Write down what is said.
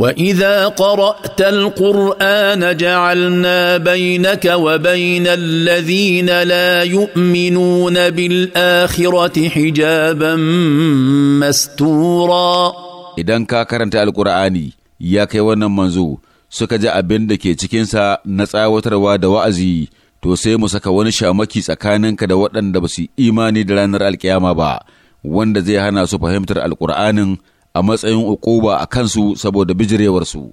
واذا قرات القران جعلنا بينك وبين الذين لا يؤمنون بالاخره حجابا مستورا idan ka karanta alkur'ani ya kai wannan manzo suka ji abin da ke cikinsa na tsawatarwa da wa'azi to sai mu saka wani shamaki tsakaninka da waɗanda ba su imani da ranar alkiyama ba wanda zai hana su fahimtar alkur'anin a matsayin ukuba a kansu saboda bijirewarsu.